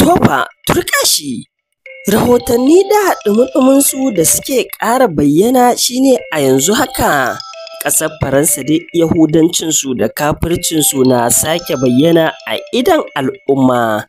Toba Turkashi Rahotanni da ɗumi-ɗuminsu da suke ƙara bayyana shine a yanzu haka ƙasar Faransa dai Yahudancinsu da kafircinsu na sake bayyana a idan al'umma.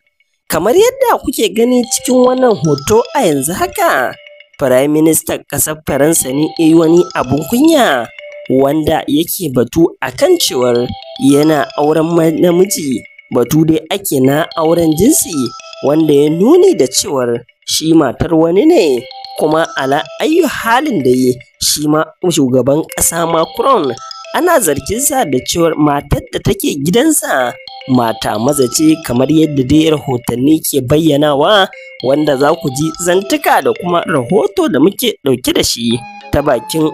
Kamar yadda kuke gani cikin wannan hoto a yanzu haka, Firaministan ƙasar Faransa ne wani abun kunya wanda yake batu a kan cewar yana auren namiji batu dai ake na auren jinsi wanda ya nuni da cewar shi matar wani ne kuma ala ayyu halin da yi shi ma shugaban ƙasa macron ana sa da cewar matar da take gidansa mata maza ce kamar yadda dai rahotanni ke bayyanawa wanda za ku ji zantuka da kuma rahoto da muke ɗauke da shi ta bakin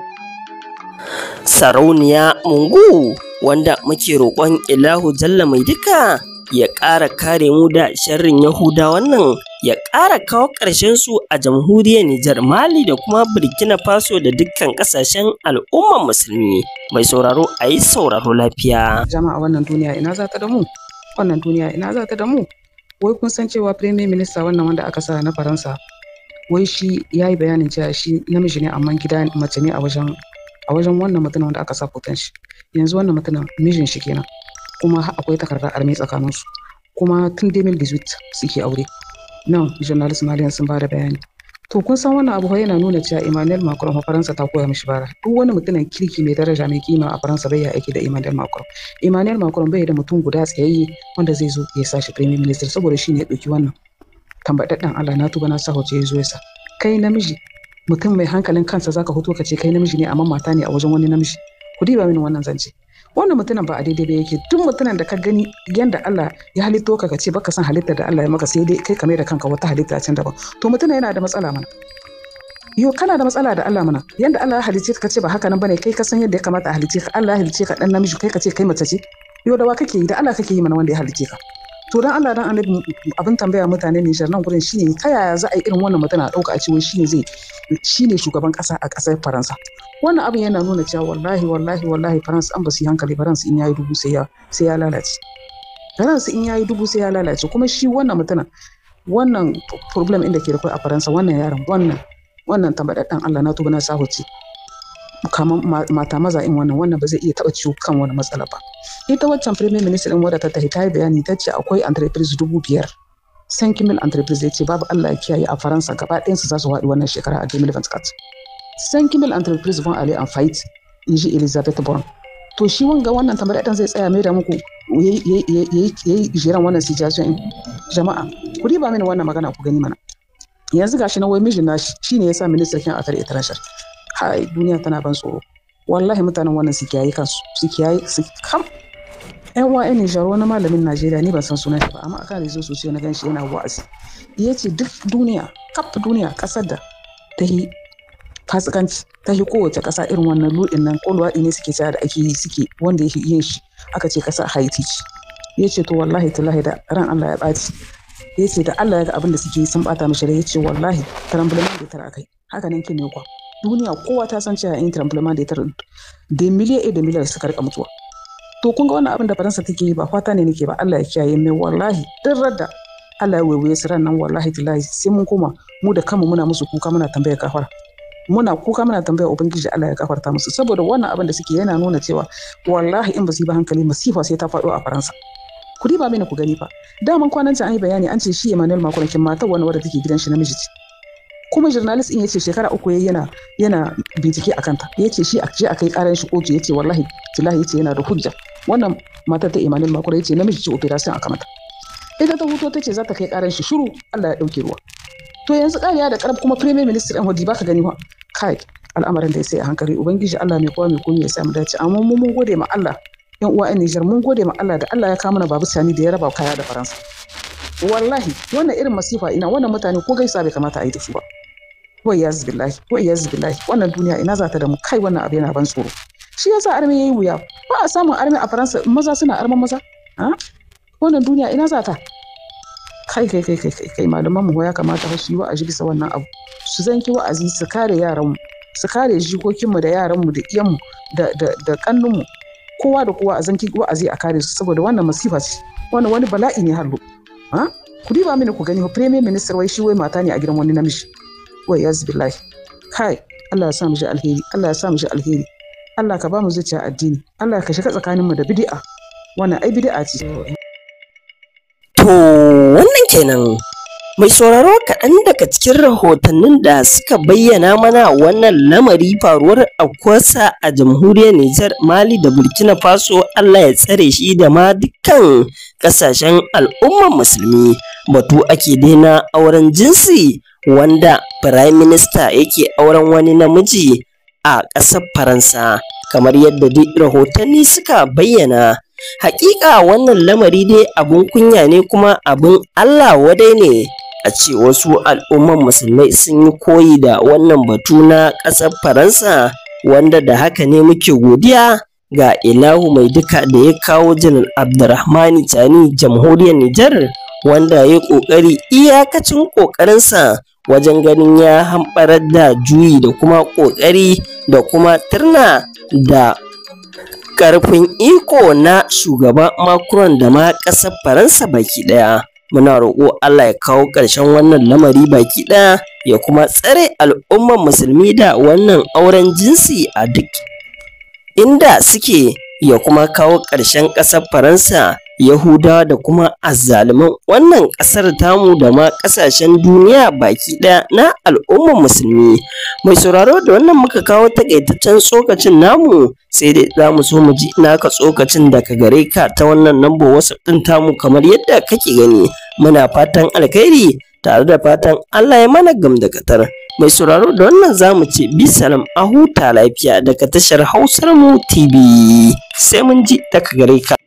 sarauniya mungu wanda muke roƙon ilahu jalla mai duka ya ƙara kare mu da sharrin Yahuda wannan ya ƙara kawo ƙarshen su a jamhuriyar Nijar Mali da kuma Burkina Faso da dukkan ƙasashen al'ummar musulmi mai sauraro a yi sauraro lafiya. Jama'a wannan duniya ina za ta da mu? Wannan duniya ina za ta da mu? Wai kun san cewa Premier Minister wannan wanda aka sa na Faransa wai shi ya yi bayanin cewa shi namiji ne amma gida mace ne a wajen a wajen wannan mutumin wanda aka sa hoton shi yanzu wannan mutumin mijin shi kenan kuma akwai takardar armi su kuma tun 2018 suke aure nan journalist maliyan sun bada bayani to kun san wannan abu yana nuna cewa emmanuel macron fa faransa ta koya mishi bara duk wani mutumin kirki mai daraja mai kima a faransa bai ya aiki da emmanuel macron emmanuel macron bai da mutum guda tsayayye wanda zai zo ya sa shi premier minister saboda shi ne ya ɗauki wannan tambadaddan allah na tuba na sa hoce ya zo ya sa kai namiji mutum mai hankalin kansa zaka hoto ka ce kai namiji ne amma mata ne a wajen wani namiji ku diba mini wannan zance wannan mutumin ba a daidai ba yake duk mutumin da ka gani yanda Allah ya halitto ka ce baka san halitta da Allah ya maka sai dai kai ka da kanka wata halitta can daban to mutumin yana da matsala mana yo kana da matsala da Allah mana yanda Allah ya halicce ka ce ba haka nan bane kai ka san yadda ya kamata a halicce ka Allah ya halicce ka dan namiji kai ka ce kai mace ce yo da wa kake yi da Allah kake yi mana wanda ya halicce ka to dan Allah dan annabi abin tambaya mutane ne nan gurin shine ta yaya za a yi irin wannan mutuna a dauka a ciwo shine zai shine shugaban ƙasa a ƙasar Faransa wannan abin yana nuna cewa wallahi wallahi wallahi Faransa an ba su hankali Faransa in yayi dubu sai ya sai ya lalace Faransa in yayi dubu sai ya lalace kuma shi wannan mutumin wannan problem inda ke da a Faransa wannan yaron wannan wannan tambadaddan Allah na tuba na sahuci kaman mata maza in wannan wannan ba zai iya taɓa ciwo kan wani matsala ba ita waccan premier minister din wadda ta tafi ta yi bayani ta ce akwai entreprise dubu biyar Saint mil Entreprise ya ce babu Allah ya kiyaye a Faransa gaba ɗayansu za su haɗu wannan shekara a 2024. Saint Kimil Entreprise von Ali en fight in ji Elizabeth Born. To shi wanga wannan tambari ɗan zai tsaya mai da muku ya yi jiran wannan situation jama'a. Ku riba mini wannan magana ku gani mana. Yanzu gashi na wai mijin shi ne ya sa ministan kyan tare international. Hai duniya tana ban tsoro. Wallahi mutanen wannan su kiyaye kansu su kiyaye su kam yan Nijar wani malamin Najeriya ne ban san sunan shi ba amma akan rizo sosai na ganshi yana wa'azi ya ce duk duniya kaf duniya kasar da ta yi fasikanci ta yi kowace kasa irin wannan ludin nan ko luwaɗi ne suke cewa da ake yi suke wanda ya yin shi aka ce kasa Haiti ce ya ce to wallahi ta da ran Allah ya ɓaci ya ce da Allah ya ga abin da suke yi sun ɓata mishi da ya ce wallahi tarambulaman da tara kai haka nan ke ne kwa duniya kowa ta san cewa in tarambulaman da tara da miliyan da miliyan suka rika mutuwa to kun ga wannan abin da faransa take yi ba fata ne nake ba Allah ya kiyaye mai wallahi duk radda Allah ya waiwaye su ran nan wallahi tilahi sai mun koma mu da kanmu muna musu kuka muna tambayar kafara muna kuka muna tambayar ubangiji Allah ya kafarta musu saboda wannan abin da suke yana nuna cewa wallahi in ba su yi ba hankali masifa sai ta faɗo a faransa ku riba mini ku gani fa daman kwanan can an yi bayani an ce shi Emmanuel Macron kin matar wani wadda take gidan shi namiji ce kuma journalist in yace shekara uku yayi yana yana bincike a kanta. yace shi a je a kai karan shi kotu yace wallahi tilahi yace yana da hujja wannan matar ta imanin makura yace namiji ce operation aka mata ita ta huto tace za ta kai karan shi shiru Allah ya dauke ruwa to yanzu kariya da karab kuma premier minister ɗan hudi baka gani wa kai al'amarin da ya sai a hankali ubangiji Allah mai kowa mai komai ya samu dace amma mu mun gode ma Allah yan uwa yan Nijar mun gode ma Allah da Allah ya kawo mana babu sani da ya raba kaya da Faransa wallahi wannan irin masifa ina wannan mutane ko gaisa bai kamata a yi da su ba wai ya lahi wai ya lahi wannan duniya ina za ta da mu kai wannan abu yana ban tsoro shi yasa arme yayi wuya ba a samun arme a faransa maza suna arman maza wannan duniya ina za ta kai kai kai kai kai kai malaman mu ya kamata su yi wa'azi bisa wannan abu su zanki wa'azi su kare yaran mu su kare jikokin mu da yaran mu da iyan mu da da da kannun mu kowa da kowa a zanki wa'azi a kare su saboda wannan masifa ce wannan wani bala'i ne hallo ha ku diba mini ku gani premier minister wai shi wai mata ne a gidan wani namiji wa yazbillahi kai Allah ya sa mu shi alheri Allah ya sa mu shi alheri Allah ka ba mu zuciya addini Allah ka shiga mu da bid'a wannan ai bid'a ce to wannan kenan mai sauraro kaɗan daga cikin rahotannin da suka bayyana mana wannan lamari faruwar akwasa a jamhuriyar Nijar Mali da Burkina Faso Allah ya tsare shi da ma dukkan ƙasashen al'ummar musulmi batu ake daina auren jinsi wanda Prime Minister yake auren wani namiji a ƙasar Faransa kamar yadda duk rahotanni suka bayyana. Hakika wannan lamari dai abun kunya ne kuma abun Allah wadai ne a ce wasu al'umman musulmai sun yi koyi da wannan batu na ƙasar Faransa wanda da haka ne muke godiya ga ilahu mai duka da ya kawo janar abdurrahmani tani jamhuriyar nijar wanda ya ƙoƙari iyakacin ƙoƙarinsa wajen ganin ya hamɓarar da juyi da kuma ƙoƙari da kuma turna da ƙarfin iko na shugaba Macron da ma ƙasar Faransa baki ɗaya. Muna roƙo Allah ya kawo ƙarshen wannan lamari baki ɗaya ya kuma tsare al'ummar musulmi da wannan auren jinsi a duk inda suke ya kuma kawo ƙarshen ƙasar Faransa Yahudawa da kuma azzaluman wannan ƙasar tamu da ma ƙasashen duniya baki ɗaya na al'ummar musulmi. Mai sauraro da wannan muka kawo taƙaitaccen tsokacin namu sai dai za mu so mu ji ka tsokacin daga gare ka ta wannan namba wasu ɗin tamu kamar yadda kake gani. Muna fatan alkhairi tare da fatan Allah ya mana katar. Mai sauraro da wannan za mu ce bisalam a huta lafiya daga tashar Hausar mu TV. Sai mun ji daga gare ka.